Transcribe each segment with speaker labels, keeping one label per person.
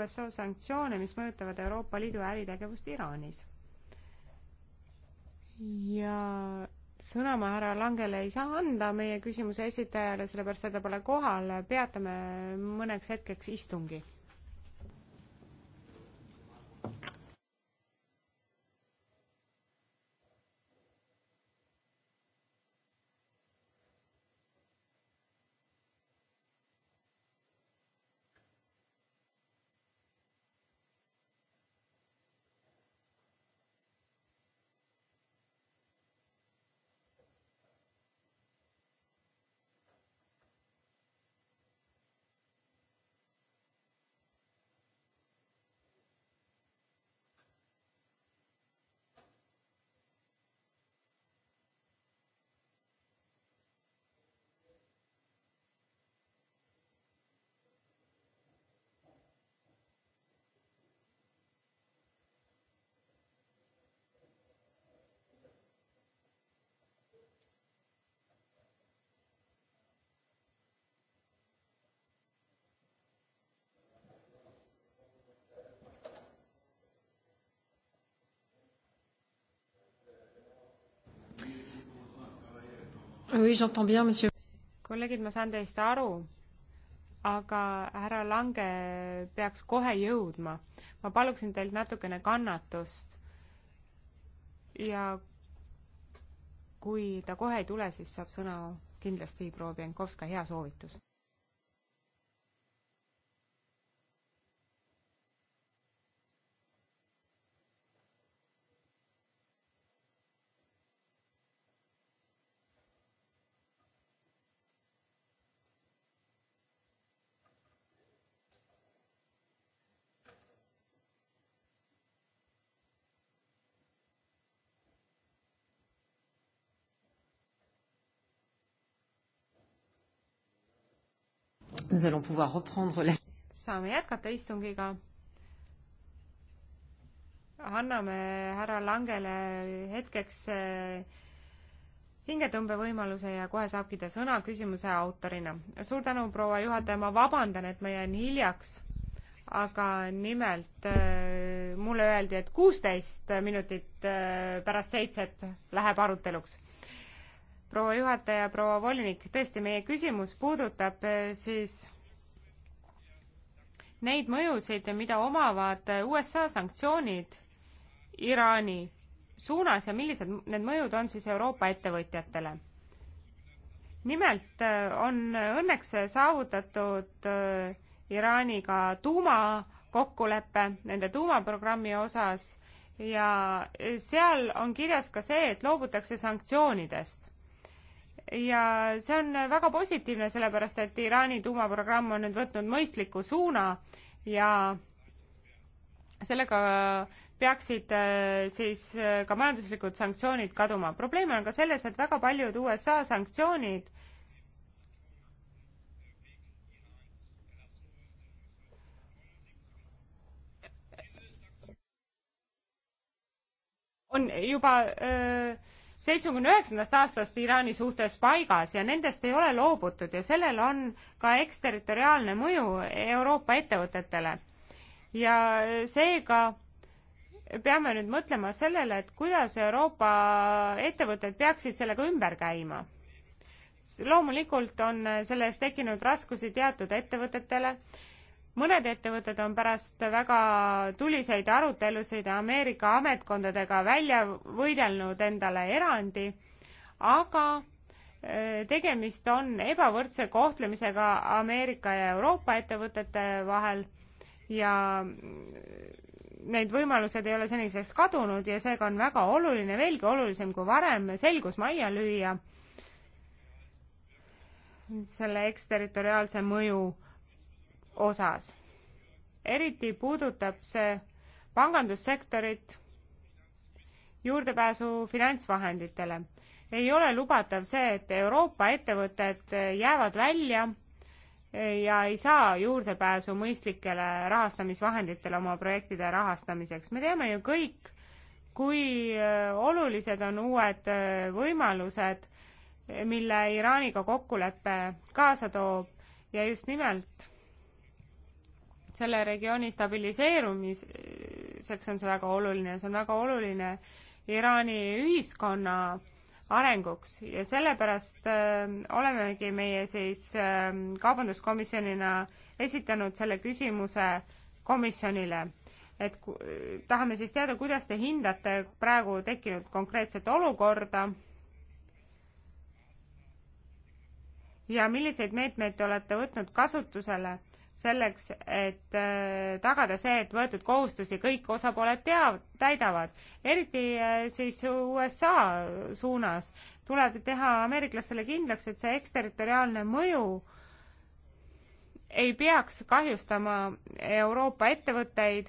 Speaker 1: USA sanktsioone, mis mõjutavad Euroopa Liidu äritegevust Iraanis. ja sõna ma härra Langele ei saa anda meie küsimuse esitajale, sellepärast et ta pole kohal, peatame mõneks hetkeks istungi kolleegid, ma saan teist aru, aga härra Lange peaks kohe jõudma. ma paluksin teilt natukene kannatust ja kui ta kohe ei tule, siis saab sõna kindlasti proua Pienkovska hea soovitus. nous allons pouvoir reprendre la... saame jätkata istungiga. anname härra Langele hetkeks eh, hingetõmbevõimaluse ja kohe saabki ta sõna küsimuse autorina. suur tänu, proua juhataja, ma vabandan, et ma jään hiljaks, aga nimelt eh, mulle öeldi, et kuusteist minutit eh, pärast seitset läheb aruteluks proua juhataja, proua volinik, tõesti, meie küsimus puudutab eh, siis neid mõjusid, mida omavad USA sanktsioonid Iraani suunas ja millised need mõjud on siis Euroopa ettevõtjatele. nimelt eh, on õnneks saavutatud eh, Iraaniga tuumakokkulepe nende tuumaprogrammi osas ja seal on kirjas ka see, et loobutakse sanktsioonidest ja see on väga positiivne, sellepärast et Iraani tuumaprogramm on nüüd võtnud mõistliku suuna ja sellega peaksid äh, siis äh, ka majanduslikud sanktsioonid kaduma. probleem on ka selles, et väga paljud USA sanktsioonid on juba öö, äh, seitsmekümne üheksandast aastast Iraani suhtes paigas ja nendest ei ole loobutud ja sellel on ka eksterritoriaalne mõju Euroopa ettevõtetele. ja seega peame nüüd mõtlema sellele, et kuidas Euroopa ettevõtted peaksid sellega ümber käima. loomulikult on sellest tekkinud raskusi teatud ettevõtetele mõned ettevõtted on pärast väga tuliseid arutelusid Ameerika ametkondadega välja võidelnud endale erandi, aga äh, tegemist on ebavõrdse kohtlemisega Ameerika ja Euroopa ettevõtete vahel ja äh, need võimalused ei ole seniseks kadunud ja seega on väga oluline, veelgi olulisem kui varem, selgus majja lüüa selle eksterritoriaalse mõju äh, osas. eriti puudutab see pangandussektorit, juurdepääsu finantsvahenditele. ei ole lubatav see, et Euroopa ettevõtted jäävad välja ja ei saa juurdepääsu mõistlikele rahastamisvahenditele oma projektide rahastamiseks. me teame ju kõik, kui äh, olulised on uued äh, võimalused, mille Iraaniga kokkulepe kaasa toob ja just nimelt selle regiooni stabiliseerumiseks on see väga oluline, see on väga oluline Iraani ühiskonna arenguks ja sellepärast äh, olemegi meie siis äh, kaubanduskomisjonina esitanud selle küsimuse komisjonile, et äh, tahame siis teada, kuidas te hindate praegu tekkinud konkreetset olukorda ja milliseid meetmeid te olete võtnud kasutusele selleks, et äh, tagada see, et võetud kohustusi kõik osapooled teav-, täidavad. eriti äh, siis USA suunas tuleb teha ameeriklastele kindlaks, et see eksterritoriaalne mõju ei peaks kahjustama Euroopa ettevõtteid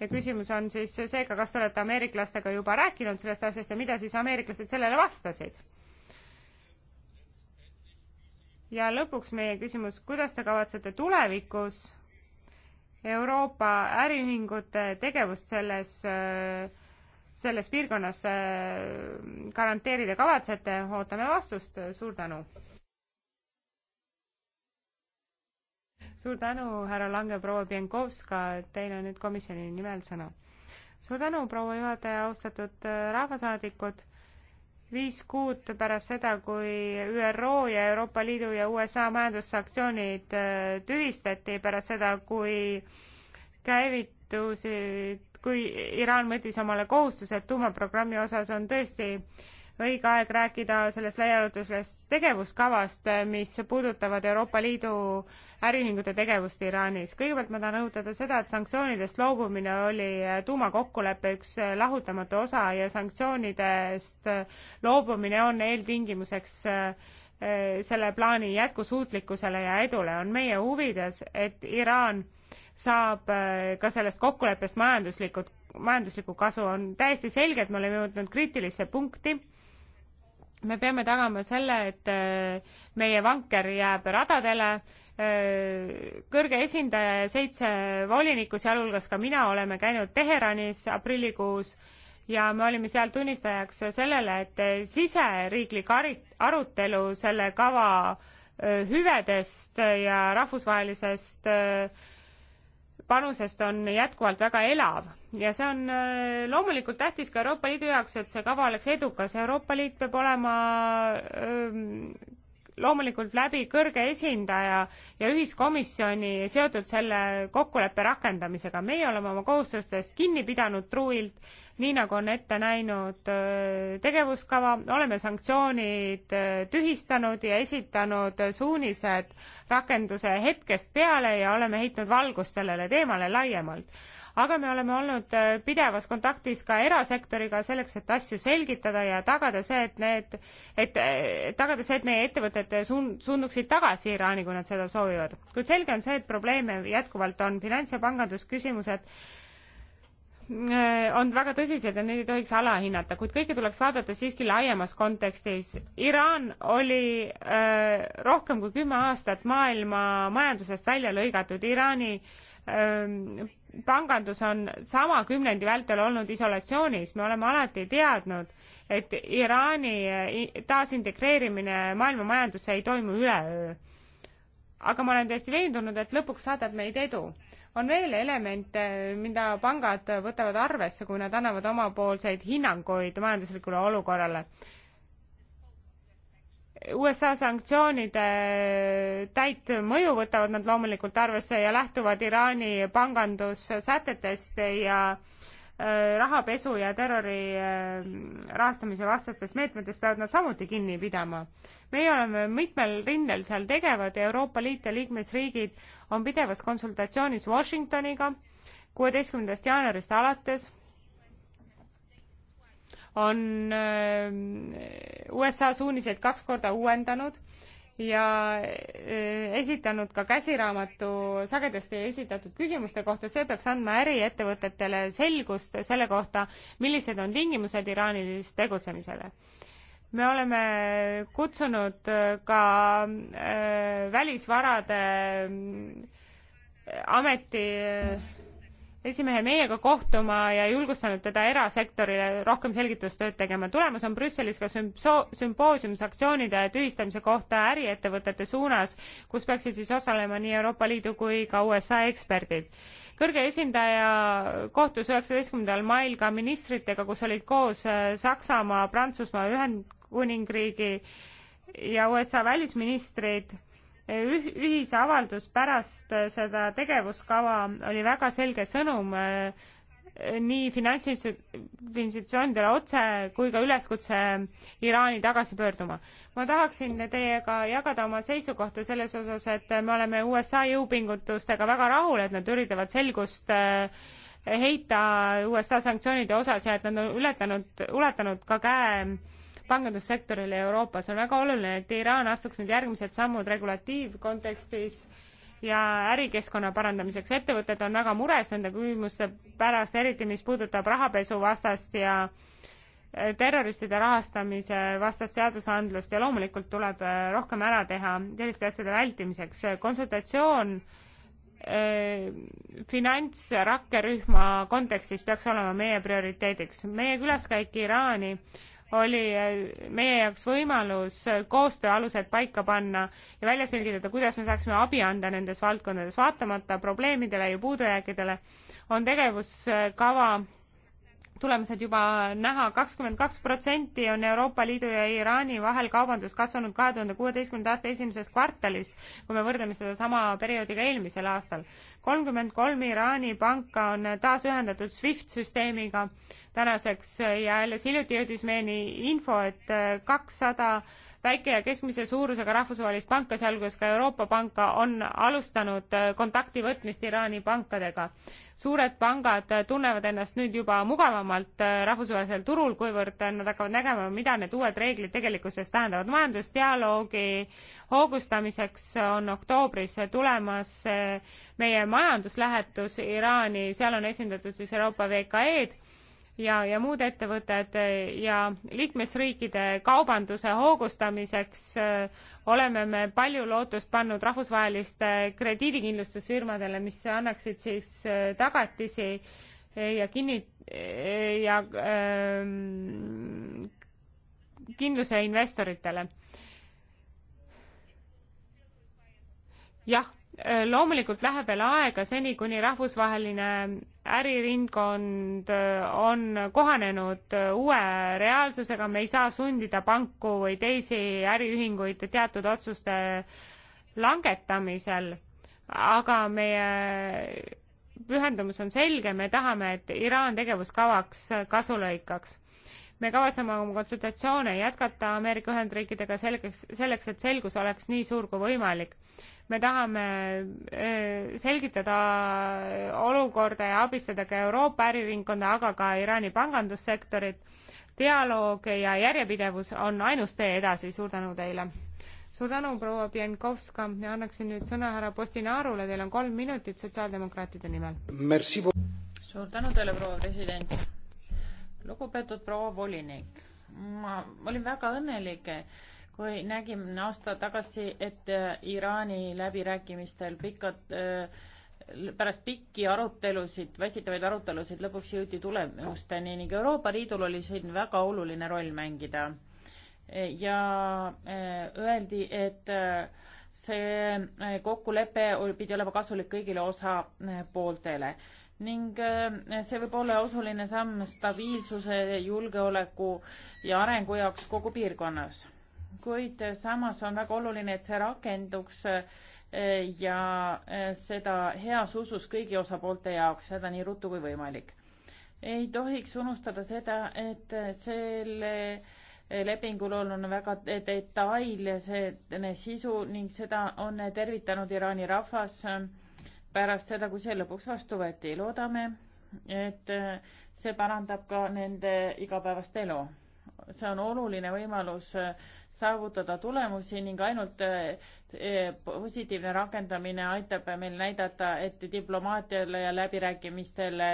Speaker 1: ja küsimus on siis seega, kas te olete ameeriklastega juba rääkinud sellest asjast ja mida siis ameeriklased sellele vastasid? ja lõpuks meie küsimus, kuidas te kavatsete tulevikus Euroopa äriühingute tegevust selles, äh, selles piirkonnas äh, garanteerida kavatsete, ootame vastust, suur tänu! suur tänu, härra Lange, proua Pienkovska, teil on nüüd komisjoni nimel sõna. suur tänu, proua juhataja, austatud äh, rahvasaadikud viis kuud pärast seda, kui ÜRO ja Euroopa Liidu ja USA majandussanktsioonid äh, tühistati, pärast seda, kui käivitusid, kui Iraan võttis omale kohustused tuumaprogrammi osas, on tõesti õige aeg rääkida sellest laiaulatusest tegevuskavast, mis puudutavad Euroopa Liidu äriühingute tegevust Iraanis. kõigepealt ma tahan rõhutada seda, et sanktsioonidest loobumine oli tuumakokkuleppe üks lahutamatu osa ja sanktsioonidest loobumine on eeltingimuseks eh, selle plaani jätkusuutlikkusele ja edule. on meie huvides, et Iraan saab eh, ka sellest kokkuleppest majanduslikult, majanduslikku kasu. on täiesti selge, et me oleme jõudnud kriitilisse punkti me peame tagama selle, et äh, meie vanker jääb radadele, äh, kõrge esindaja ja seitse volinikku, sealhulgas ka mina, oleme käinud Teheranis aprillikuus ja me olime seal tunnistajaks sellele, et äh, siseriiklik arutelu selle kava hüvedest ja rahvusvahelisest äh, panusest on jätkuvalt väga elav ja see on äh, loomulikult tähtis ka Euroopa Liidu jaoks, et see kava oleks edukas. Euroopa Liit peab olema ähm, loomulikult läbi kõrge esindaja ja ühiskomisjoni seotud selle kokkuleppe rakendamisega. meie oleme oma kohustustest kinni pidanud truilt, nii nagu on ette näinud tegevuskava, oleme sanktsioonid tühistanud ja esitanud suunised rakenduse hetkest peale ja oleme heitnud valgust sellele teemale laiemalt aga me oleme olnud äh, pidevas kontaktis ka erasektoriga selleks, et asju selgitada ja tagada see, et need, et äh, tagada see, et meie ettevõtted suun-, suunduksid tagasi Iraani, kui nad seda soovivad. kuid selge on see, et probleeme jätkuvalt on. finants- ja pangandusküsimused äh, on väga tõsised ja neid ei tohiks alahinnata, kuid kõike tuleks vaadata siiski laiemas kontekstis. Iraan oli öö, rohkem kui kümme aastat maailma majandusest välja lõigatud. Iraani öö, ähm, pangandus on sama kümnendi vältel olnud isolatsioonis, me oleme alati teadnud, et Iraani eh, taasintegreerimine maailma majandusse ei toimu üleöö. aga ma olen täiesti veendunud, et lõpuks saadab meid edu. on veel elemente, mida pangad võtavad arvesse, kui nad annavad omapoolseid hinnanguid majanduslikule olukorrale. USA sanktsioonide täit mõju võtavad nad loomulikult arvesse ja lähtuvad Iraani pangandussätetest ja äh, rahapesu ja terrori äh, rahastamise vastastest meetmetest peavad nad samuti kinni pidama. meie oleme mitmel rindel seal tegevad ja Euroopa Liit ja liikmesriigid on pidevas konsultatsioonis Washingtoniga kuueteistkümnendast jaanuarist alates on äh, USA suuniseid kaks korda uuendanud ja äh, esitanud ka käsiraamatu sagedasti esitatud küsimuste kohta, see peaks andma äriettevõtetele selgust selle kohta, millised on tingimused Iraanis tegutsemisele. me oleme kutsunud ka äh, välisvarade ameti esimehe meiega kohtuma ja julgustanud teda erasektorile rohkem selgitustööd tegema. tulemas on Brüsselis ka sümpoosium sanktsioonide tühistamise kohta äriettevõtete suunas, kus peaksid siis osalema nii Euroopa Liidu kui ka USA eksperdid. kõrge esindaja kohtus üheksateistkümnendal mail ka ministritega, kus olid koos äh, Saksamaa, Prantsusmaa, Ühendkuningriigi ja USA välisministrid ühise avaldus pärast äh, seda tegevuskava oli väga selge sõnum äh, nii finantsinstitutsioonidele otse kui ka üleskutse Iraani tagasi pöörduma. ma tahaksin teiega jagada oma seisukohta selles osas, et me oleme USA jõupingutustega väga rahul, et nad üritavad selgust äh, heita USA sanktsioonide osas ja et nad on ületanud, ulatanud ka käe pangandussektorile Euroopas. on väga oluline, et Iraan astuks nüüd järgmised sammud regulatiivkontekstis ja ärikeskkonna parandamiseks. ettevõtted on väga mures nende küsimuste pärast, eriti mis puudutab rahapesuvastast ja eh, terroristide rahastamise vastast seadusandlust ja loomulikult tuleb eh, rohkem ära teha selliste asjade vältimiseks. konsultatsioon äh, finantsrakkerühma kontekstis peaks olema meie prioriteediks. meie külaskäik Iraani oli äh, meie jaoks võimalus äh, koostöö alused paika panna ja välja selgitada, kuidas me saaksime abi anda nendes valdkondades. vaatamata probleemidele ja puudujääkidele on tegevuskava tulemused juba näha, kakskümmend kaks protsenti on Euroopa Liidu ja Iraani vahel kaubandus kasvanud kahe tuhande kuueteistkümnenda aasta esimeses kvartalis, kui me võrdleme seda sama perioodiga eelmisel aastal. kolmkümmend kolm Iraani panka on taas ühendatud SWIFT süsteemiga tänaseks ja alles hiljuti jõudis meieni info, et kakssada 200 väike ja keskmise suurusega rahvusvahelist panka, sealhulgas ka Euroopa Panka, on alustanud äh, kontakti võtmist Iraani pankadega. suured pangad äh, tunnevad ennast nüüd juba mugavamalt äh, rahvusvahelisel turul, kuivõrd nad hakkavad nägema, mida need uued reeglid tegelikkuses tähendavad. majandusdialoogi hoogustamiseks on oktoobris tulemas meie majanduslähetus Iraani, seal on esindatud siis Euroopa VKE-d ja, ja muud ettevõtted eh, ja liikmesriikide kaubanduse hoogustamiseks eh, oleme me palju lootust pannud rahvusvaheliste krediidikindlustusfirmadele, mis annaksid siis eh, tagatisi ja kinni- ja ähm, kindluse investoritele. jah, loomulikult läheb veel aega seni, kuni rahvusvaheline äriringkond äh, on kohanenud äh, uue reaalsusega, me ei saa sundida panku või teisi äriühinguid teatud otsuste langetamisel, aga meie pühendumus on selge, me tahame, et Iraan tegevuskavaks äh, kasu lõikaks. me kavatseme oma konsultatsioone jätkata Ameerika Ühendriikidega selgeks, selleks, et selgus oleks nii suur kui võimalik me tahame eh, selgitada olukorda ja abistada ka Euroopa äriringkonda, aga ka Iraani pangandussektorit. dialoog ja järjepidevus on ainus tee edasi, suur tänu teile! suur tänu, proua Pienkovska ja annaksin nüüd sõna härra Postinaarule, teil on kolm minutit sotsiaaldemokraatide nimel.
Speaker 2: suur tänu teile, proua president! lugupeetud proua volinik, ma olin väga õnnelik kui nägime aasta tagasi, et äh, Iraani läbirääkimistel pikad, äh, pärast pikki arutelusid, väsitavaid arutelusid lõpuks jõuti tulemusteni ning Euroopa Liidul oli siin väga oluline roll mängida. ja äh, öeldi, et see kokkulepe pidi olema kasulik kõigile osapooltele ning see võib olla osuline samm stabiilsuse, julgeoleku ja arengu jaoks kogu piirkonnas kuid samas on väga oluline, et see rakenduks eh, ja eh, seda heas usus kõigi osapoolte jaoks, seda nii ruttu kui võimalik. ei tohiks unustada seda, et selle lepingul on väga detailne sisu ning seda on tervitanud Iraani rahvas pärast seda, kui see lõpuks vastu võeti. loodame, et see parandab ka nende igapäevast elu. see on oluline võimalus saavutada tulemusi ning ainult eh, eh, positiivne rakendamine aitab meil näidata, et diplomaatiale ja läbirääkimistele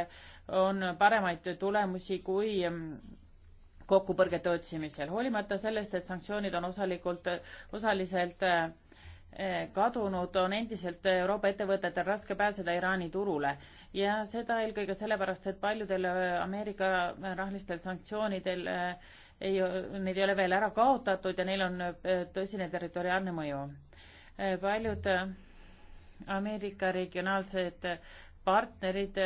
Speaker 2: on paremaid tulemusi kui mm, kokkupõrgete otsimisel, hoolimata sellest, et sanktsioonid on osalikult, osaliselt eh, kadunud, on endiselt Euroopa ettevõtetel raske pääseda Iraani turule ja seda eelkõige sellepärast, et paljudel äh, Ameerika rahalistel sanktsioonidel äh, ei, neid ei ole veel ära kaotatud ja neil on äh, tõsine territoriaalne mõju. paljud Ameerika regionaalsed partnerid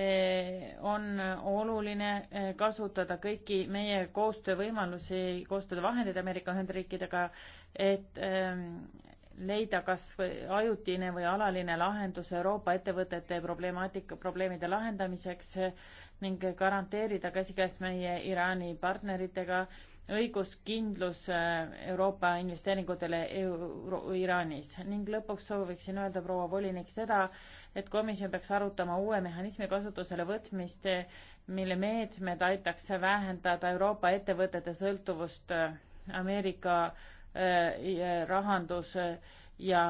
Speaker 2: Eh, on oluline eh, kasutada kõiki meie koostöövõimalusi, koostöövahendeid Ameerika Ühendriikidega, et ehm, leida kas ajutine või alaline lahendus Euroopa ettevõtete problemaatika, probleemide lahendamiseks eh, ning garanteerida käsikäes meie Iraani partneritega õiguskindlus Euroopa investeeringutele Euro Iraanis. ning lõpuks sooviksin öelda, proua volinik, seda, et komisjon peaks arutama uue mehhanismi kasutusele võtmist, mille meetmed aitaks vähendada Euroopa ettevõtete sõltuvust äh, Ameerika äh, rahandus ja,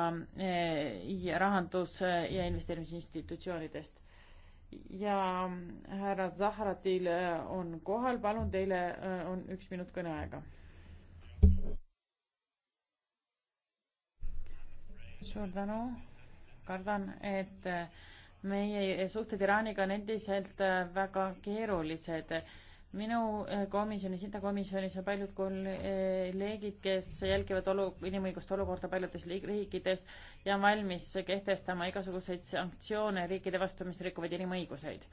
Speaker 2: ja rahandus äh, äh, ja investeerimisinstitutsioonidest. ja härra Zahratil on kohal, palun, teile on üks minut kõneaega. suur tänu kardan, et äh, meie äh, suhted Iraaniga on endiselt äh, väga keerulised. minu komisjonis, intakomisjonis on paljud kolleegid, kes jälgivad olu, inimõiguste olukorda paljudes riikides ja on valmis kehtestama igasuguseid sanktsioone riikide vastu, mis rikuvad inimõiguseid.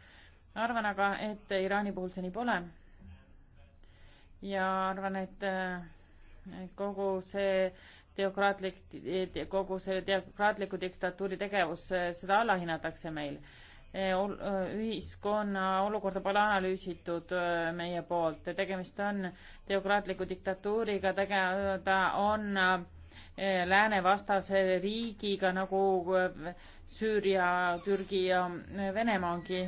Speaker 2: arvan aga, et Iraani puhul see nii pole. ja arvan, et kogu see teokraatlik, kogu selle teokraatliku diktatuuri tegevus, seda alahinnatakse meil. E, e, ühiskonna olukorda pole analüüsitud e, meie poolt, tegemist on teokraatliku diktatuuriga, ta on läänevastase riigiga nagu Süüria, Türgi ja Venemaagi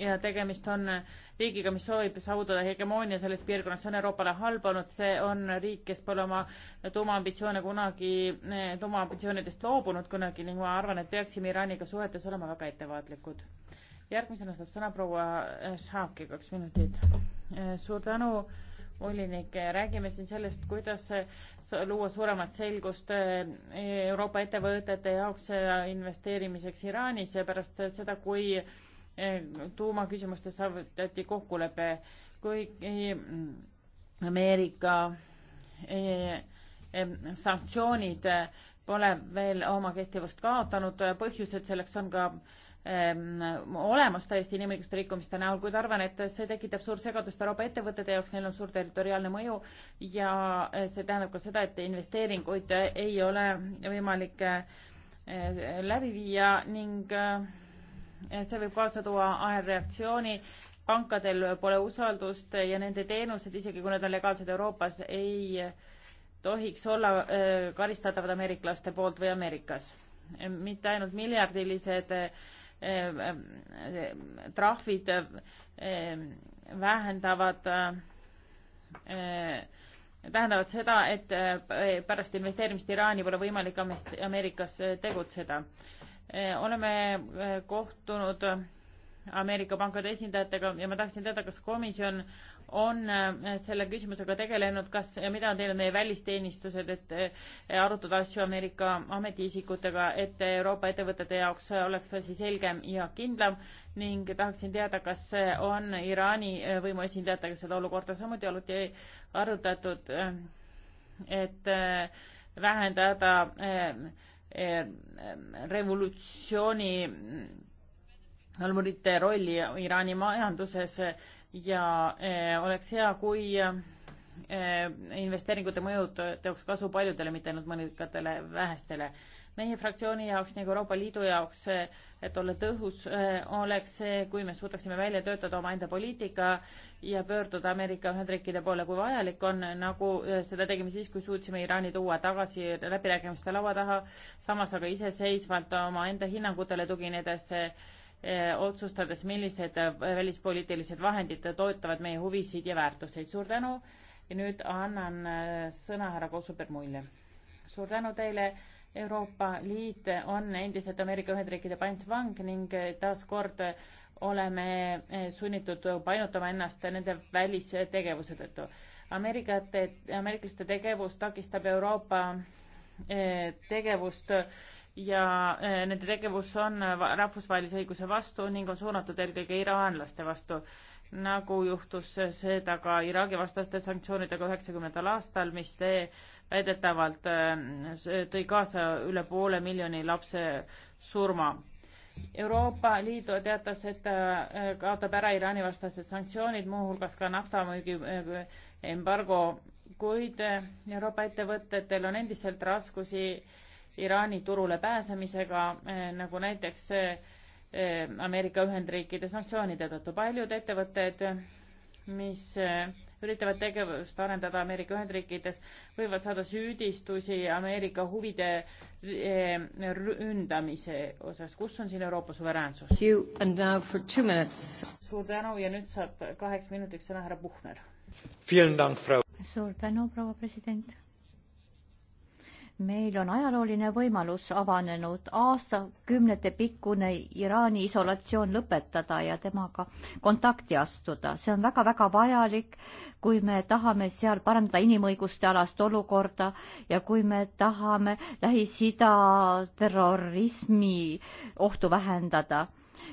Speaker 2: ja tegemist on äh, riigiga, mis soovib saavutada hegemoonia selles piirkonnas, see on Euroopale halb olnud, see on riik, kes pole oma tuumaambitsioone kunagi, tuumaambitsioonidest loobunud kunagi ning ma arvan, et peaksime Iraaniga suhetes olema väga ettevaatlikud. järgmisena saab sõna proua Šaaki, kaks minutit. suur tänu volinik, räägime siin sellest, kuidas luua suuremat selgust eh, Euroopa ettevõtete jaoks eh, investeerimiseks Iraanis ja pärast seda, kui tuumaküsimustes saavutati kokkulepe, kuigi Ameerika e, e, sanktsioonid pole veel oma kehtivust kaotanud, põhjused selleks on ka olemas täiesti inimõiguste rikkumiste näol, kuid arvan, et see tekitab suurt segadust Euroopa ettevõtete jaoks, neil on suur territoriaalne mõju ja see tähendab ka seda, et investeeringuid ei ole võimalik e, läbi viia ning see võib kaasa tuua ahelreaktsiooni, pankadel pole usaldust ja nende teenused, isegi kui nad on legaalsed Euroopas, ei tohiks olla äh, karistatavad ameeriklaste poolt või Ameerikas. mitte ainult miljardilised äh, äh, trahvid vähendavad, tähendavad seda, et pärast investeerimist Iraani pole võimalik Ameerikas tegutseda Äh, oleme äh, kohtunud Ameerika pankade esindajatega ja ma tahtsin teada, kas komisjon on äh, selle küsimusega tegelenud, kas ja mida on teinud meie välisteenistused, et arutada asju Ameerika ametiisikutega, et Euroopa ettevõtete jaoks oleks asi selgem ja kindlam ning tahaksin teada, kas on Iraani võimuesindajatega seda olukorda samuti alati arutatud, et vähendada Eh, revolutsiooni almurite rolli Iraani majanduses ja eh, oleks hea, kui eh, investeeringute mõjud teoks kasu paljudele, mitte ainult mõningatele vähestele meie fraktsiooni jaoks ning Euroopa Liidu jaoks, et olla tõhus, äh, oleks see, kui me suudaksime välja töötada omaenda poliitika ja pöörduda Ameerika Ühendriikide poole, kui vajalik on, nagu äh, seda tegime siis, kui suutsime Iraani tuua tagasi läbirääkimiste laua taha, samas aga iseseisvalt omaenda hinnangutele tuginedes äh, otsustades, millised välispoliitilised vahendid toetavad meie huvisid ja väärtuseid. suur tänu ja nüüd annan sõna härra Kossu-Permulle. suur tänu teile Euroopa Liit on endiselt Ameerika Ühendriikide pantvang ning taaskord oleme sunnitud painutama ennast nende välistegevuse tõttu. Ameerikate, ameeriklaste tegevus takistab Euroopa eh, tegevust ja eh, nende tegevus on rahvusvahelise õiguse vastu ning on suunatud eelkõige iraanlaste vastu, nagu juhtus seda ka Iraagi vastaste sanktsioonidega üheksakümnendal aastal, mis see väidetavalt äh, tõi kaasa üle poole miljoni lapse surma. Euroopa Liidu teatas, et ta äh, kaotab ära Iraani vastased sanktsioonid, muuhulgas ka naftamüügi äh, embargo, kuid Euroopa ettevõtetel on endiselt raskusi Iraani turule pääsemisega, nagu näiteks Ameerika Ühendriikide sanktsioonide tõttu. paljud ettevõtted, mis üritavad tegevust arendada Ameerika Ühendriikides, võivad saada süüdistusi Ameerika huvide eh, ründamise osas. kus on siin Euroopa suveräänsus? suur tänu ja nüüd saab kaheks
Speaker 3: minutiks sõna härra Puhner. suur tänu, proua president meil on ajalooline võimalus avanenud aastakümnete pikkune Iraani isolatsioon lõpetada ja temaga kontakti astuda. see on väga-väga vajalik, kui me tahame seal parandada inimõiguste alast olukorda ja kui me tahame Lähis-Ida terrorismi ohtu vähendada.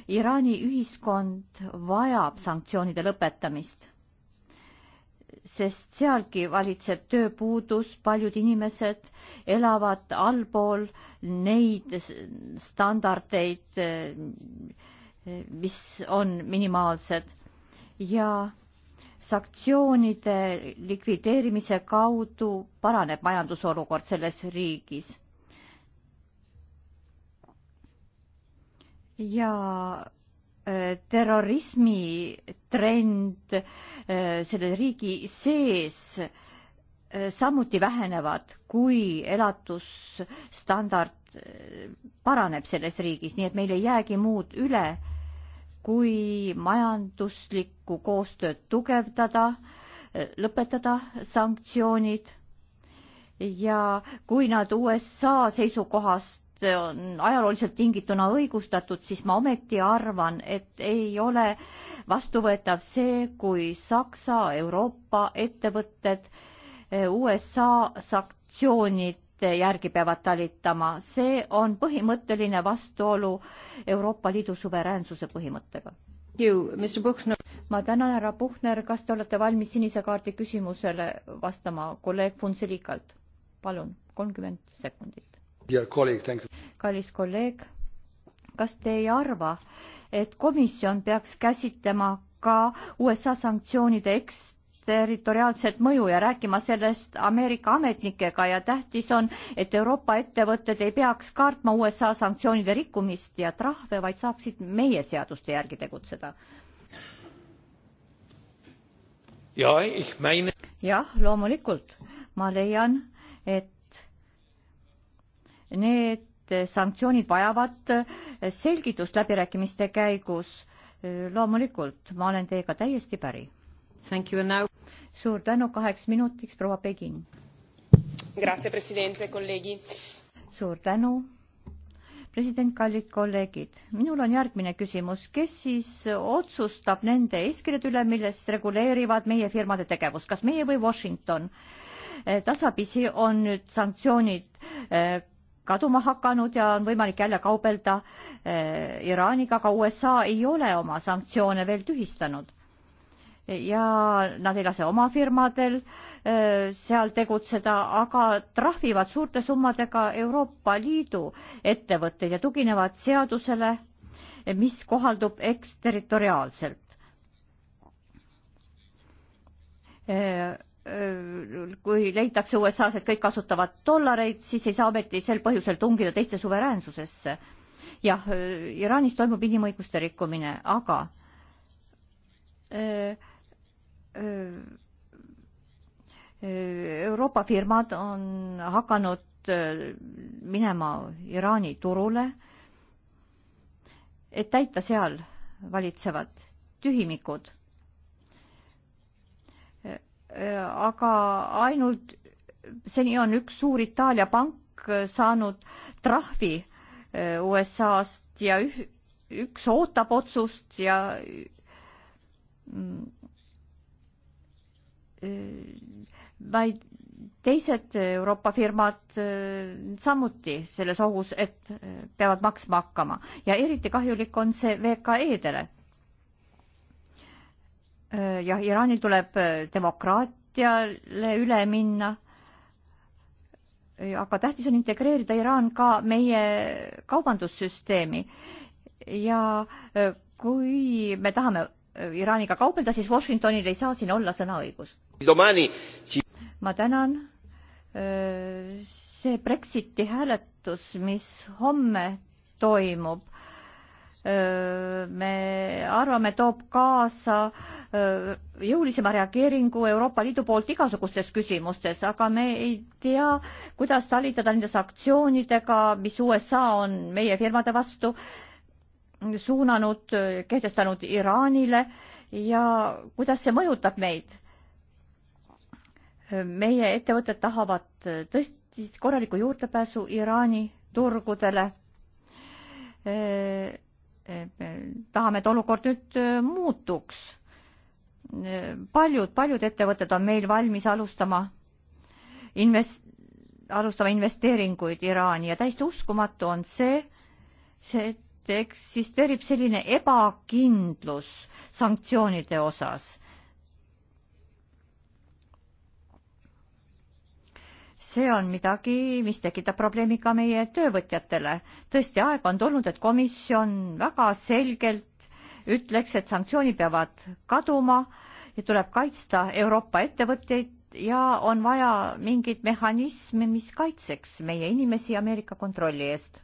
Speaker 3: Iraani ühiskond vajab sanktsioonide lõpetamist sest sealgi valitseb tööpuudus, paljud inimesed elavad allpool neid standardeid, mis on minimaalsed ja sanktsioonide likvideerimise kaudu paraneb majandusolukord selles riigis. ja Äh, terrorismi trend äh, selle riigi sees äh, samuti vähenevad, kui elatusstandard paraneb selles riigis, nii et meil ei jäägi muud üle, kui majanduslikku koostööd tugevdada, lõpetada sanktsioonid ja kui nad USA seisukohast on ajalooliselt tingituna õigustatud, siis ma ometi arvan, et ei ole vastuvõetav see, kui Saksa, Euroopa ettevõtted eh, USA sanktsioonide järgi peavad talitama. see on põhimõtteline vastuolu Euroopa Liidu suveräänsuse põhimõttega. ma tänan, härra Puhner, kas te olete valmis sinise kaardi küsimusele vastama kolleeg Funselikalt? palun, kolmkümmend sekundit kallis kolleeg, kas te ei arva, et komisjon peaks käsitlema ka USA sanktsioonide eksterritoriaalset mõju ja rääkima sellest Ameerika ametnikega ja tähtis on, et Euroopa ettevõtted ei peaks kartma USA sanktsioonide rikkumist ja trahve, vaid saaksid meie seaduste järgi tegutseda. jah, loomulikult, ma leian, et Need sanktsioonid vajavad selgitust läbirääkimiste käigus. loomulikult, ma olen teiega täiesti päri. suur tänu kaheks minutiks, proua Pekin. suur tänu president, kallid kolleegid, minul on järgmine küsimus, kes siis otsustab nende eeskirjade üle, millest reguleerivad meie firmade tegevust, kas meie või Washington? tasapisi on nüüd sanktsioonid eh, kaduma hakanud ja on võimalik jälle kaubelda eh, Iraaniga, aga USA ei ole oma sanktsioone veel tühistanud. ja nad ei lase oma firmadel eh, seal tegutseda, aga trahvivad suurte summadega Euroopa Liidu ettevõtteid ja tuginevad seadusele, eh, mis kohaldub eksterritoriaalselt eh, kui leitakse USA-s, et kõik kasutavad dollareid, siis ei saa ometi sel põhjusel tungida teiste suveräänsusesse. jah, Iraanis toimub inimõiguste rikkumine, aga Euroopa firmad on hakanud minema Iraani turule, et täita seal valitsevad tühimikud Äh, aga ainult seni on üks suur Itaalia pank äh, saanud trahvi äh, USA-st ja üh, üks ootab otsust ja mm, vaid teised Euroopa firmad samuti selles ohus, et peavad maksma hakkama ja eriti kahjulik on see VKE-dele Äh, jah, Iraanil tuleb äh, demokraatiale üle minna. Äh, aga tähtis on integreerida Iraan ka meie kaubandussüsteemi ja kui me tahame Iraaniga kaubelda, siis Washingtonil ei saa siin olla sõnaõigus. ma tänan. see Brexiti hääletus, mis homme toimub, me arvame, toob kaasa äh, jõulisema reageeringu Euroopa Liidu poolt igasugustes küsimustes, aga me ei tea, kuidas talitada nende sanktsioonidega, mis USA on meie firmade vastu suunanud, kehtestanud Iraanile ja kuidas see mõjutab meid. meie ettevõtted tahavad tõesti korralikku juurdepääsu Iraani turgudele äh, tahame, et olukord nüüd äh, muutuks. paljud, paljud ettevõtted on meil valmis alustama invest-, alustama investeeringuid Iraani ja täiesti uskumatu on see, see, et eksisteerib selline ebakindlus sanktsioonide osas see on midagi, mis tekitab probleemi ka meie töövõtjatele. tõesti, aega on tulnud, et komisjon väga selgelt ütleks, et sanktsioonid peavad kaduma ja tuleb kaitsta Euroopa ettevõtteid ja on vaja mingeid mehhanisme, mis kaitseks meie inimesi Ameerika kontrolli eest.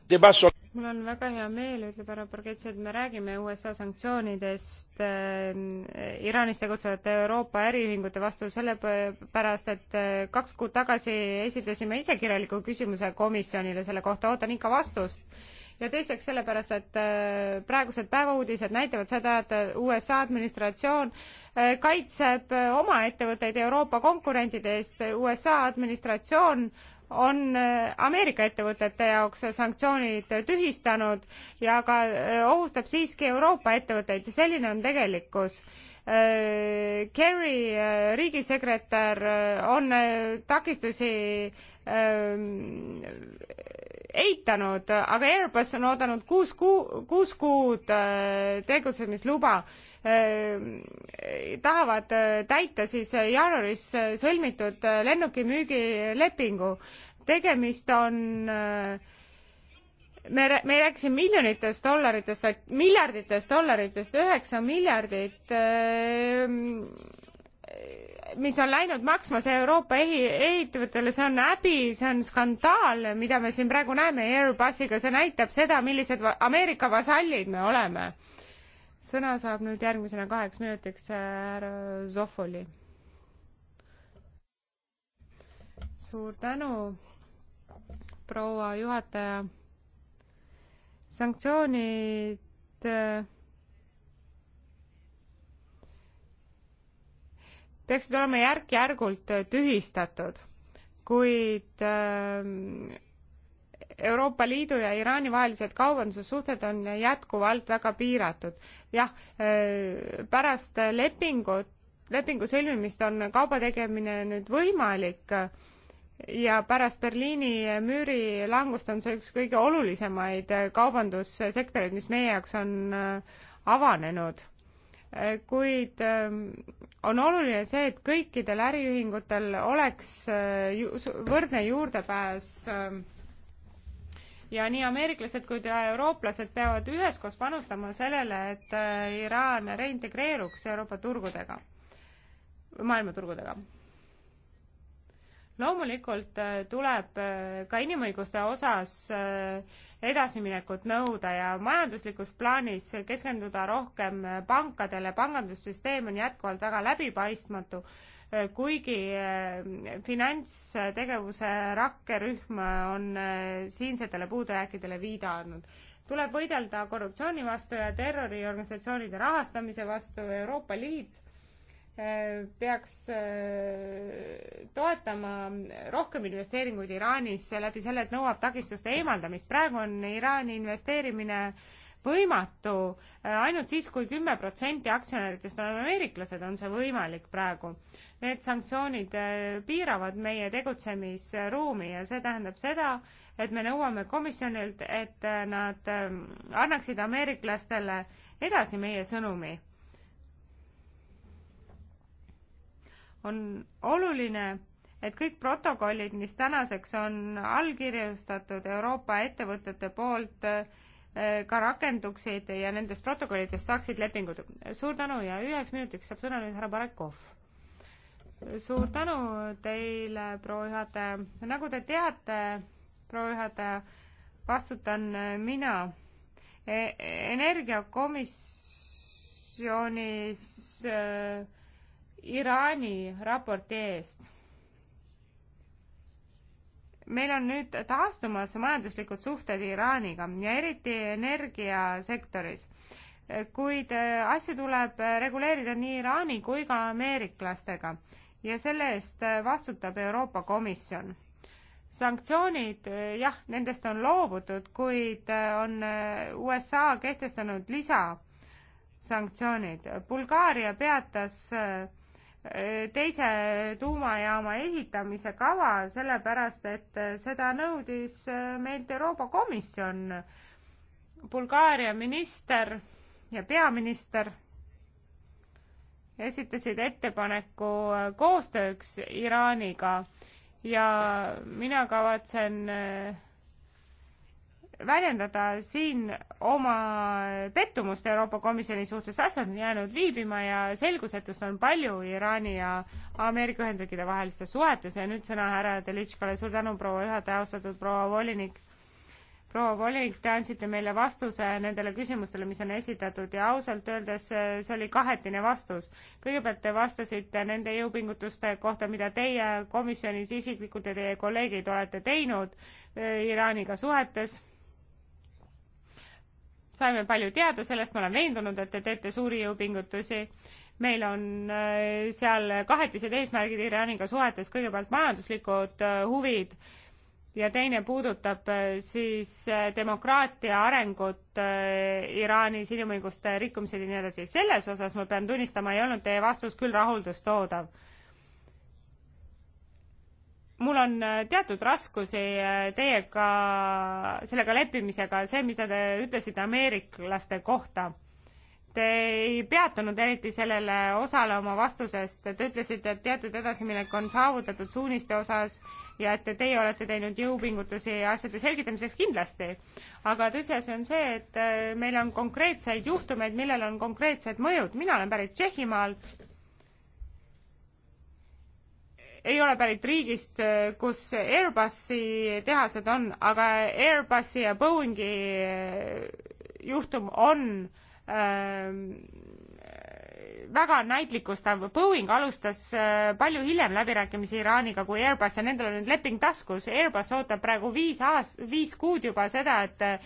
Speaker 1: mul on väga hea meel, ütleb härra Borgets, et me räägime USA sanktsioonidest äh, Iraanis tegutsevate Euroopa äriühingute vastu, sellepärast et äh, kaks kuud tagasi esitasime ise kirjaliku küsimuse komisjonile selle kohta, ootan ikka vastust ja teiseks sellepärast, et äh, praegused päevauudised näitavad seda, et äh, USA administratsioon äh, kaitseb oma ettevõtteid Euroopa konkurentide eest, USA administratsioon on Ameerika ettevõtete jaoks sanktsioonid tühistanud ja ka ohustab siiski Euroopa ettevõtteid ja selline on tegelikkus. Kerry riigisekretär on takistusi ähm, eitanud, aga Airbus on oodanud kuus kuu, kuus kuud äh, tegutsemisluba. Äh, tahavad äh, täita siis jaanuaris sõlmitud lennuki müügilepingu. tegemist on me, me ei rääkisi miljonitest dollaritest, vaid miljarditest dollaritest, üheksa miljardit mis on läinud maksma see Euroopa ehi-, ehitujatele, see on häbi, see on skandaal, mida me siin praegu näeme Airbusiga, see näitab seda, millised va Ameerika vasallid me oleme. sõna saab nüüd järgmisena kaheks minutiks härra Zohvoli. suur tänu, proua juhataja. sanktsioonid peaksid olema järk-järgult äh, tühistatud, kuid ähm, Euroopa Liidu ja Iraani vahelised kaubandussuhted on jätkuvalt väga piiratud. jah, äh, pärast lepingut, lepingu sõlmimist on kaubategemine nüüd võimalik ja pärast Berliini müüri langust on see üks kõige olulisemaid kaubandussektoreid, mis meie jaoks on äh, avanenud kuid ähm, on oluline see, et kõikidel äriühingutel oleks äh, võrdne juurdepääs ähm, ja nii ameeriklased kui ka eurooplased peavad üheskoos panustama sellele, et äh, Iraan reintegreeruks Euroopa turgudega, maailma turgudega. loomulikult äh, tuleb ka inimõiguste osas äh, edasiminekut nõuda ja majanduslikus plaanis keskenduda rohkem pankadele, pangandussüsteem on jätkuvalt väga läbipaistmatu, kuigi eh, finantstegevuse rakkerühm on eh, siinsetele puudujääkidele viida andnud tuleb võidelda korruptsiooni vastu ja terroriorganisatsioonide rahastamise vastu, Euroopa Liit peaks äh, toetama rohkem investeeringuid Iraanisse läbi selle, et nõuab takistuste eemaldamist. praegu on Iraani investeerimine võimatu, äh, ainult siis kui, kui kümme protsenti aktsionäridest on ameeriklased, on see võimalik praegu. Need sanktsioonid äh, piiravad meie tegutsemisruumi ja see tähendab seda, et me nõuame komisjonilt, et nad ähm, annaksid ameeriklastele edasi meie sõnumi on oluline, et kõik protokollid, mis tänaseks on allkirjustatud Euroopa ettevõtete poolt, eh, ka rakenduksid ja nendest protokollidest saaksid lepingud. suur tänu ja üheks minutiks saab sõna nüüd härra Barakov. suur tänu teile, proua juhataja. nagu te teate, proua juhataja, vastutan eh, mina e, e- energiakomisjonis äh, Iraani raporti eest. meil on nüüd taastumas majanduslikud suhted Iraaniga ja eriti energiasektoris, kuid äh, asju tuleb äh, reguleerida nii Iraani kui ka ameeriklastega ja selle eest äh, vastutab Euroopa Komisjon sanktsioonid, jah, nendest on loobutud, kuid on USA kehtestanud lisasanktsioonid. Bulgaaria peatas äh, Eh, teise tuumajaama ehitamise kava, sellepärast et eh, seda nõudis eh, meilt Euroopa Komisjon. Bulgaaria minister ja peaminister esitasid ettepaneku koostööks Iraaniga ja mina kavatsen äh, väljendada siin oma pettumust Euroopa Komisjoni suhtes, asjad on jäänud viibima ja selgusetust on palju Iraani ja Ameerika Ühendriikide vahelistes suhetes ja nüüd sõna härra Delitškale, suur tänu, proua juhataja, austatud proua volinik. proua volinik, te andsite meile vastuse nendele küsimustele, mis on esitatud ja ausalt öeldes eh, see oli kahetine vastus. kõigepealt te vastasite nende jõupingutuste kohta, mida teie komisjonis isiklikult ja teie kolleegid olete teinud eh, Iraaniga suhetes saime palju teada sellest, ma olen veendunud, et te teete suuri jõupingutusi. meil on äh, seal kahetised eesmärgid Iraaniga suhetes, kõigepealt majanduslikud äh, huvid ja teine puudutab äh, siis demokraatia arengut Iraanis, inimõiguste rikkumised ja nii edasi. selles osas ma pean tunnistama, ei olnud teie vastus küll rahuldustoodav mul on äh, teatud raskusi äh, teiega sellega leppimisega, see, mida te ütlesite ameeriklaste kohta. Te ei peatunud eriti sellele osale oma vastusest, te ütlesite, et teatud edasiminek on saavutatud suuniste osas ja et teie olete teinud jõupingutusi asjade selgitamiseks kindlasti. aga tõsiasi on see, et äh, meil on konkreetseid juhtumeid, millel on konkreetsed mõjud, mina olen pärit Tšehhimaalt ei ole pärit riigist, kus Airbusi tehased on, aga Airbusi ja Boeingi eh, juhtum on ehm, väga näitlikustav. Boeing alustas äh, palju hiljem läbirääkimisi Iraaniga kui Airbus ja nendel on nüüd leping taskus. Airbus ootab praegu viis aast-, viis kuud juba seda, et äh,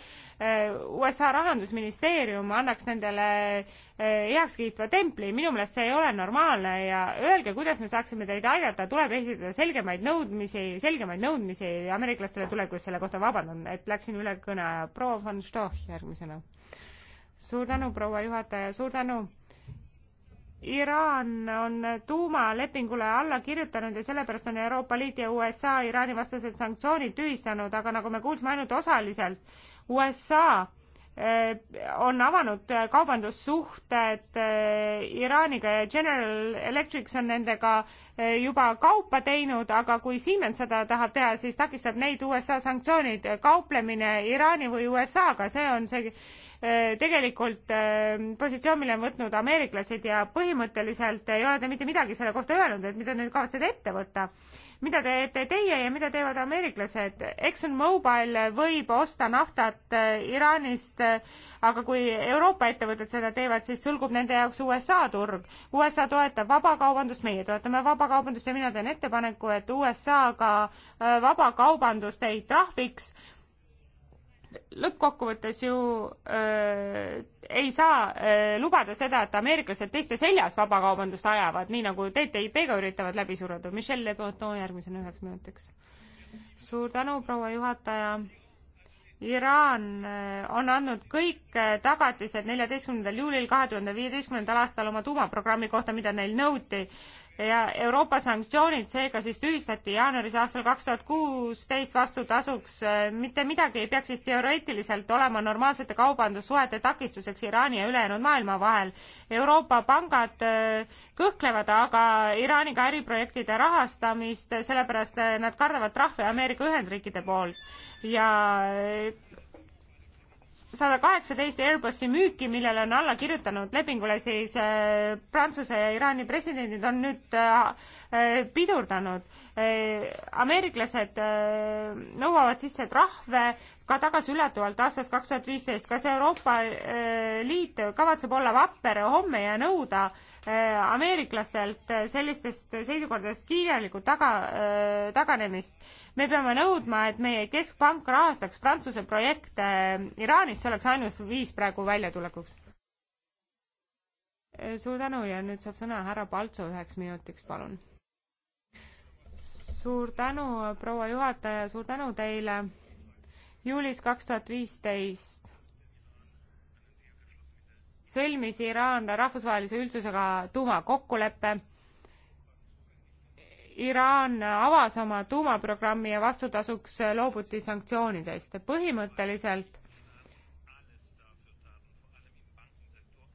Speaker 1: USA rahandusministeerium annaks nendele äh, heakskiitva templi. minu meelest see ei ole normaalne ja öelge, kuidas me saaksime teid aidata, tuleb esitada selgemaid nõudmisi, selgemaid nõudmisi ameeriklastele tulevikus selle kohta. vabandan, et läksin üle kõne. proua von Stoch järgmisena. suur tänu, proua juhataja, suur tänu Iraan on tuumalepingule alla kirjutanud ja sellepärast on Euroopa Liit ja USA Iraani vastased sanktsioonid tühistanud, aga nagu me kuulsime ainult osaliselt, USA eh, on avanud eh, kaubandussuhted eh, Iraaniga ja General Electrics on nendega juba kaupa teinud, aga kui Siemens seda tahab teha, siis takistab neid USA sanktsioonid. kauplemine Iraani või USA-ga, see on see Äh, tegelikult äh, positsioon, mille on võtnud ameeriklased ja põhimõtteliselt ei ole te mitte midagi selle kohta öelnud, et mida nüüd kavatsete ette võtta. mida teete teie ja mida teevad ameeriklased? ExxonMobil võib osta naftat äh, Iraanist, aga kui Euroopa ettevõtted seda teevad, siis sulgub nende jaoks USA turg. USA toetab vabakaubandust, meie toetame vabakaubandust ja mina teen ettepaneku, et USA ka vabakaubandust ei trahviks lõppkokkuvõttes ju öö, äh, ei saa öö, äh, lubada seda, et ameeriklased teiste seljas vabakaubandust ajavad, nii nagu TTIP-ga üritavad läbi suruda. Michelle Le Breton järgmisena üheks minutiks. suur tänu, proua juhataja. Iraan äh, on andnud kõik tagatised neljateistkümnendal juulil kahe tuhande viieteistkümnendal aastal oma tuumaprogrammi kohta, mida neil nõuti ja Euroopa sanktsioonid seega siis tühistati jaanuaris aastal kaks tuhat kuusteist vastutasuks. mitte midagi ei peaks siis teoreetiliselt olema normaalsete kaubandussuhete takistuseks Iraani ja ülejäänud maailma vahel. Euroopa pangad äh, kõhklevad aga Iraaniga äriprojektide rahastamist, sellepärast äh, nad kardavad trahve Ameerika Ühendriikide poolt ja äh, sada kaheksateist Airbusi müüki, millele on alla kirjutanud lepingule siis äh, Prantsuse ja Iraani presidendid, on nüüd äh, äh, pidurdanud. Äh, ameeriklased äh, nõuavad sisse trahve ka tagasiulatuvalt aastast kaks tuhat viisteist. kas Euroopa äh, Liit kavatseb olla vapper homme ja nõuda ameeriklastelt sellistest seisukordadest kirjalikku taga, taganemist? me peame nõudma, et meie keskpank rahastaks Prantsuse projekte Iraanis, see oleks ainus viis praegu väljatulekuks. suur tänu ja nüüd saab sõna härra Paltso üheks minutiks, palun suur tänu, proua juhataja, suur tänu teile. juulis kaks tuhat viisteist sõlmis Iraan rahvusvahelise üldsusega tuumakokkuleppe. Iraan avas oma tuumaprogrammi ja vastutasuks loobuti sanktsioonidest. põhimõtteliselt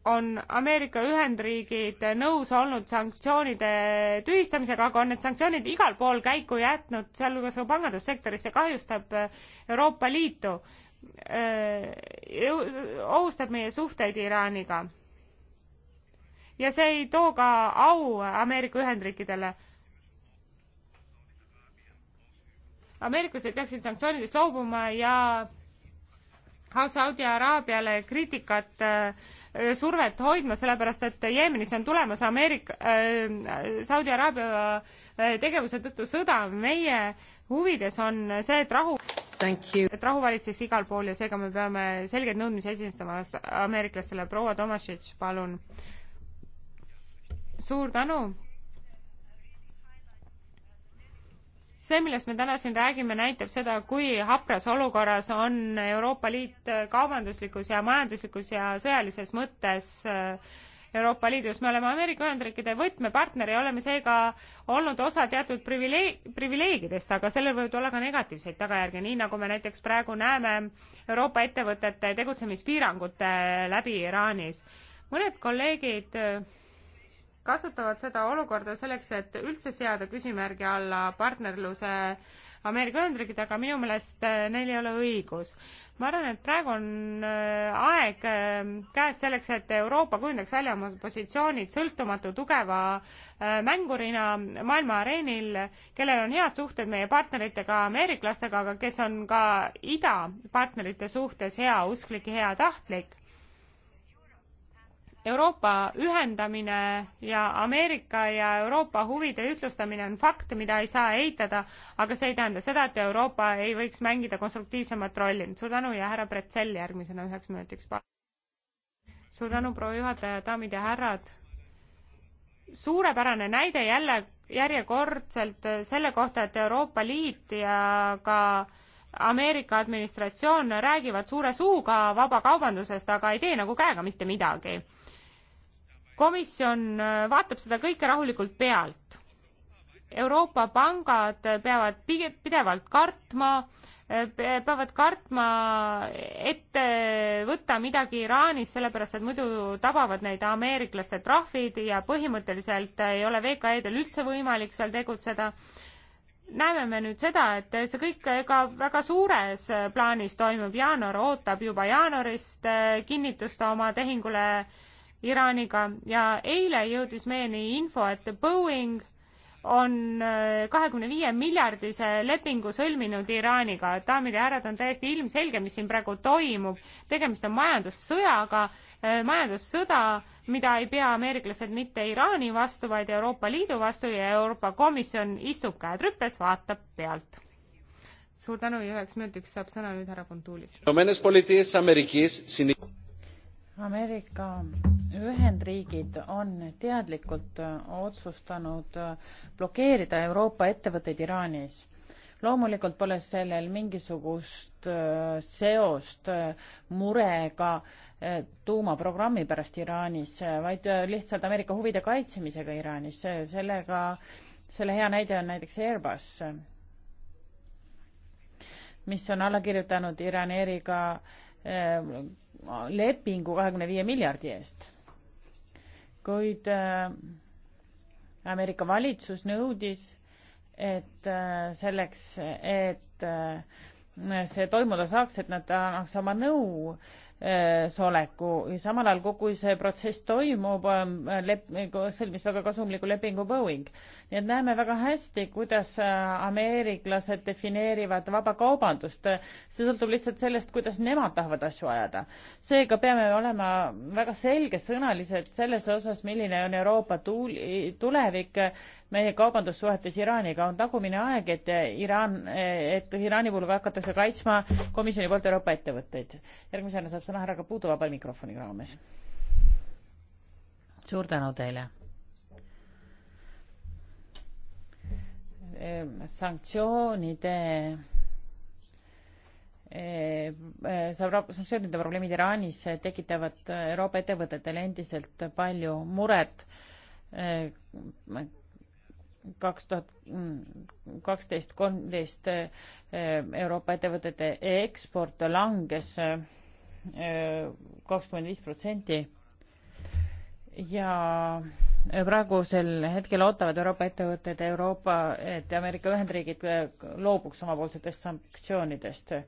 Speaker 1: on Ameerika Ühendriigid nõus olnud sanktsioonide tühistamisega, aga on need sanktsioonid igal pool käiku jätnud, sealhulgas ka pangandussektorisse, kahjustab Euroopa Liitu, ohustab meie suhteid Iraaniga. ja see ei too ka au Ameerika Ühendriikidele. ameeriklased peaksid sanktsioonidest loobuma ja Saudi Araabiale kriitikat äh, Äh, survet hoidma, sellepärast et Jeemenis on tulemas Ameerika äh,, Saudi Araabia äh, tegevuse tõttu sõda. meie huvides on see, et rahu, et rahu valitseks igal pool ja seega me peame selgeid nõudmisi esitama ameeriklastele. proua Tomašitš, palun. suur tänu see, millest me täna siin räägime, näitab seda, kui hapras olukorras on Euroopa Liit kaubanduslikus ja majanduslikus ja sõjalises mõttes äh, Euroopa Liidus, me oleme Ameerika Ühendriikide võtmepartner ja oleme seega olnud osa teatud privileeg-, privileegidest, aga sellel võivad olla ka negatiivseid tagajärgi, nii nagu me näiteks praegu näeme Euroopa ettevõtete tegutsemispiirangute läbi Iraanis. mõned kolleegid äh, kasutavad seda olukorda selleks, et üldse seada küsimärgi alla partnerluse Ameerika Ühendriigid, aga minu meelest äh, neil ei ole õigus. ma arvan, et praegu on äh, aeg ähm, käes selleks, et Euroopa kujundaks välja oma positsioonid sõltumatu tugeva äh, mängurina maailma areenil, kellel on head suhted meie partneritega, ameeriklastega, aga kes on ka idapartnerite suhtes heausklik ja heatahtlik Euroopa ühendamine ja Ameerika ja Euroopa huvide ühtlustamine on fakt, mida ei saa eitada, aga see ei tähenda seda, et Euroopa ei võiks mängida konstruktiivsemat rolli. suur tänu ja härra Pretzel järgmisena üheks minutiks. suur tänu, proua juhataja, daamid ja härrad. suurepärane näide jälle järjekordselt selle kohta, et Euroopa Liit ja ka Ameerika administratsioon räägivad suure suuga vabakaubandusest, aga ei tee nagu käega mitte midagi komisjon äh, vaatab seda kõike rahulikult pealt. Euroopa pangad äh, peavad pidevalt kartma, äh, peavad kartma ette võtta midagi Iraanist, sellepärast et muidu tabavad neid ameeriklaste trahvid ja põhimõtteliselt ei ole VKE-del üldse võimalik seal tegutseda näeme me nüüd seda, et see kõik ka väga suures plaanis toimub, jaanuar ootab juba jaanuarist kinnitust oma tehingule Iraaniga ja eile jõudis meieni info, et Boeing on äh, kahekümne viie miljardise lepingu sõlminud Iraaniga. daamid ja härrad, on täiesti ilmselge, mis siin praegu toimub. tegemist on majandussõjaga, äh, majandussõda, mida ei pea ameeriklased mitte Iraani vastu, vaid Euroopa Liidu vastu ja Euroopa Komisjon istub käed rüppes, vaatab pealt suur tänu ja üheks minutiks saab sõna nüüd härra Kontuulis.
Speaker 2: Ameerika Ühendriigid on teadlikult äh, otsustanud äh, blokeerida Euroopa ettevõtteid Iraanis. loomulikult pole sellel mingisugust äh, seost murega tuumaprogrammi pärast Iraanis, vaid lihtsalt Ameerika huvide kaitsemisega Iraanis. sellega, selle hea näide on näiteks Airbus, mis on alla kirjutanud Iraneeriga lepingu kahekümne viie miljardi eest kuid äh, Ameerika valitsus nõudis, et äh, selleks, et äh, see toimuda saaks, et nad annaks oma nõu Äh, soleku. samal ajal kogu see protsess toimub, äh, lep-, sõlmis väga kasumliku lepingu Boeing. nii et näeme väga hästi, kuidas äh, ameeriklased defineerivad vabakaubandust. see sõltub lihtsalt sellest, kuidas nemad tahavad asju ajada. seega peame olema väga selgesõnalised selles osas, milline on Euroopa tuul-, tulevik meie kaubandussuhetes Iraaniga on tagumine aeg, et Iraan, et Iraani puhul hakatakse kaitsma komisjoni poolt Euroopa ettevõtteid. järgmisena saab sõna härra Kapuudu vabal mikrofoni raames. suur tänu teile. Ehm, sanktsioonide ehm, eh, saab, sanktsioonide probleemid Iraanis tekitavad Euroopa ettevõtetele endiselt palju muret ehm, kaks tuhat mm, kaksteist, kolmteist eh, Euroopa ettevõtete eksport langes eh, kakskümmend viis protsenti ja praegusel hetkel ootavad Euroopa ettevõtted Euroopa, et Ameerika Ühendriigid eh, loobuks omapoolsetest sanktsioonidest.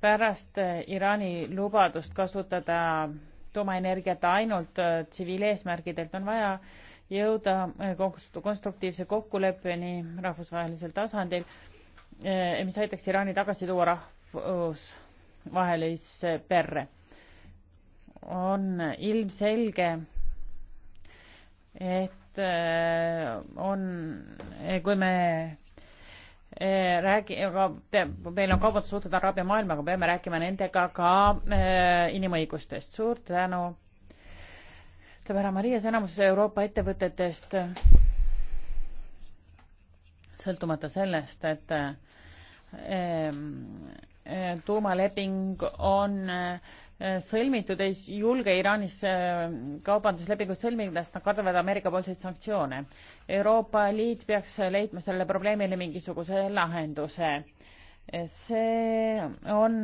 Speaker 2: pärast Iraani lubadust kasutada tuumaenergiat ainult tsiviileesmärgidelt on vaja äh, jõuda eh, konstruktiivse kokkuleppeni rahvusvahelisel tasandil, eh, mis aitaks Iraani tagasi tuua rahvusvahelisse perre. on ilmselge, et eh, on, kui me räägi, aga te, meil on kaubandussuhted Araabia maailmaga, peame rääkima nendega ka inimõigustest. suur tänu ütleb härra Marias, enamuses Euroopa ettevõtetest, sõltumata sellest, et ehm, ehm, tuumaleping on eh, sõlmitud, ei julge Iraanis eh, kaubanduslepingut sõlmida, sest nad kardavad Ameerika poolseid sanktsioone. Euroopa Liit peaks leidma sellele probleemile mingisuguse lahenduse. Eh, see on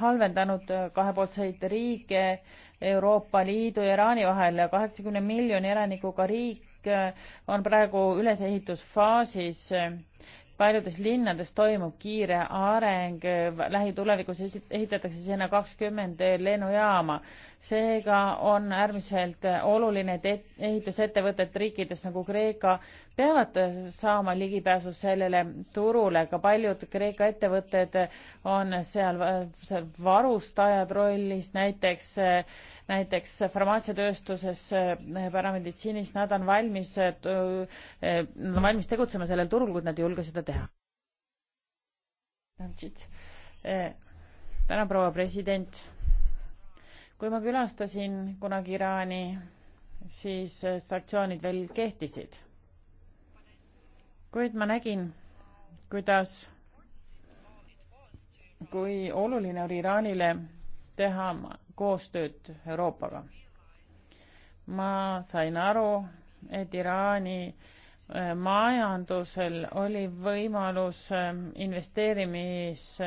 Speaker 2: halvendanud kahepoolseid riike Euroopa Liidu ja Iraani vahel. kaheksakümne miljoni elanikuga riik äh, on praegu ülesehitusfaasis. paljudes linnades toimub kiire areng, lähitulevikus ehitatakse sinna kakskümmend lennujaama seega on äärmiselt oluline, et ehitusettevõtted riikides nagu Kreeka peavad saama ligipääsu sellele turule, ka paljud Kreeka ettevõtted on seal, seal varustajad rollis, näiteks, näiteks farmaatsiatööstuses, eh, parameditsiinis, nad on valmis, eh, eh, nad on valmis tegutsema sellel turul, kuid nad ei julge seda teha. tänan, proua president kui ma külastasin kunagi Iraani, siis eh, sanktsioonid veel kehtisid. kuid ma nägin, kuidas, kui oluline oli Iraanile teha koostööd Euroopaga. ma sain aru, et Iraani eh, majandusel oli võimalus eh, investeerimis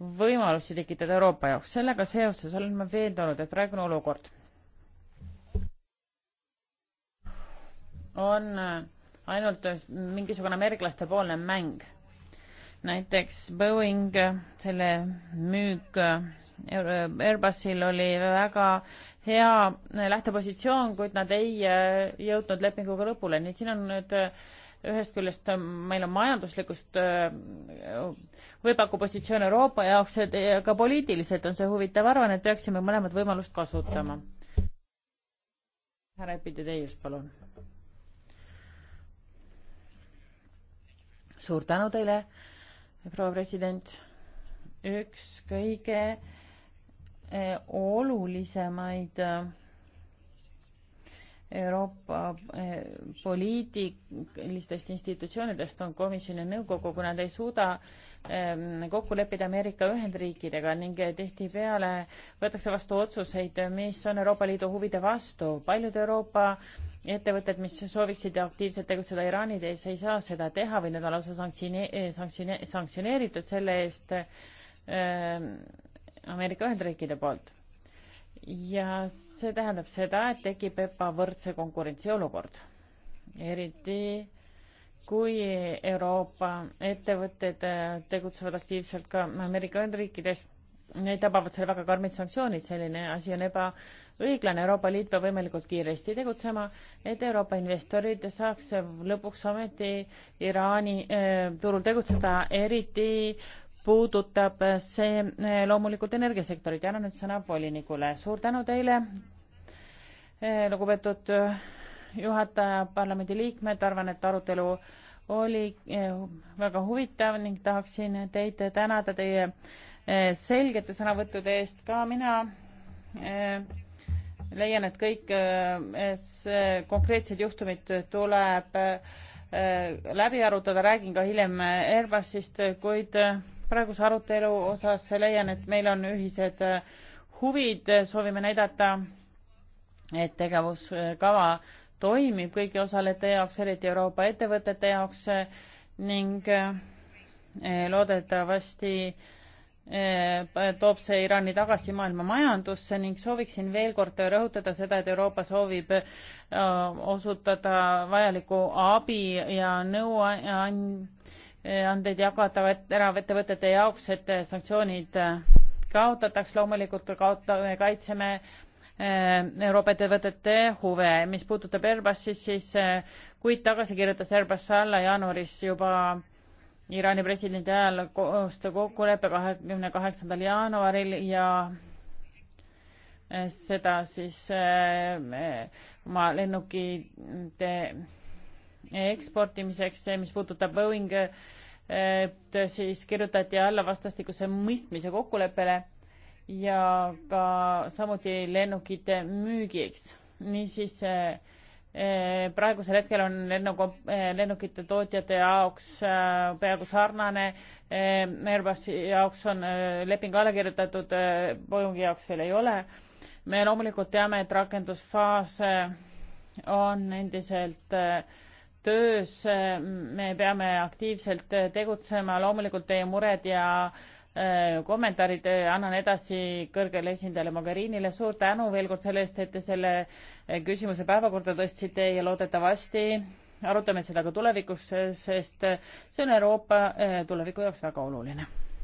Speaker 2: võimalusi tekitada Euroopa jaoks. sellega seoses olen ma veendunud, et praegune olukord on ainult mingisugune ameeriklaste poolne mäng. näiteks Boeing, selle müük Airbusil oli väga hea lähtepositsioon, kuid nad ei äh, jõudnud lepinguga lõpule, nii et siin on nüüd äh, ühest küljest meil on majanduslikust äh, võibakupositsioon Euroopa jaoks ja ka poliitiliselt on see huvitav, arvan, et peaksime mõlemat võimalust kasutama. härra Epideteius, palun. suur tänu teile, proua president. üks kõige äh, olulisemaid äh, Euroopa eh, poliitilistest institutsioonidest on komisjon ja nõukogu, kuna ta ei suuda ehm, kokku leppida Ameerika Ühendriikidega ning tihtipeale võetakse vastu otsuseid, mis on Euroopa Liidu huvide vastu. paljud Euroopa ettevõtted, mis sooviksid aktiivselt tegutseda Iraani tees, ei saa seda teha või need on lausa sanktsione-, sanktsione-, sanktsioneeritud selle eest äh, Ameerika Ühendriikide poolt ja see tähendab seda, et tekib ebavõrdse konkurentsiolukord, eriti kui Euroopa ettevõtted tegutsevad aktiivselt ka Ameerika Ühendriikides, neid tabavad seal väga karmid sanktsioonid, selline asi on ebaõiglane, Euroopa Liit peab võimalikult kiiresti tegutsema, et Euroopa investorid saaks lõpuks ometi Iraani äh, turul tegutseda, eriti puudutab see eh, loomulikult energiasektorit ja annan nüüd sõna volinikule. suur tänu teile, eh, lugupeetud eh, juhataja, parlamendiliikmed, arvan, et arutelu oli väga huvitav ning tahaksin teid tänada teie selgete sõnavõttude eest ka mina leian, et kõik konkreetsed juhtumid tuleb läbi arutada, räägin ka hiljem Airbusist, kuid praeguse arutelu osas leian, et meil on ühised äh, huvid, soovime näidata, et tegevuskava toimib kõigi osalejate jaoks, eriti Euroopa ettevõtete jaoks äh, ning äh, loodetavasti toob see Iraani tagasi maailma majandusse ning sooviksin veel kord rõhutada seda, et Euroopa soovib osutada vajalikku abi ja nõu andeid jagatavad eraettevõtete jaoks, et sanktsioonid kaotataks, loomulikult kaotame, kaitseme eh, Euroopa ettevõtete huve. mis puudutab Airbusist, siis eh, kuid tagasi kirjutas Airbus alla jaanuaris juba Iraani presidendi ajal koostöö kokkulepe kahekümne kaheksandal jaanuaril ja eh, seda siis oma lennukite eksportimiseks, mis puudutab Boeing, et siis kirjutati alla vastastikuse mõistmise kokkuleppele ja ka samuti lennukite müügiks. niisiis eh, praegusel hetkel on lennu-, eh, lennukite tootjate jaoks eh, peaaegu sarnane, Airbusi jaoks on leping alla kirjutatud, Boeingi jaoks veel ei ole. me loomulikult teame, et rakendusfaas on endiselt äh, töös me peame aktiivselt tegutsema, loomulikult teie mured ja äh, kommentaarid äh, annan edasi kõrgele esindajale Mogherinile. suur tänu veel kord selle eest, et te selle äh, küsimuse päevakorda tõstsite ja loodetavasti arutame seda ka tulevikus, sest see on Euroopa tuleviku jaoks väga oluline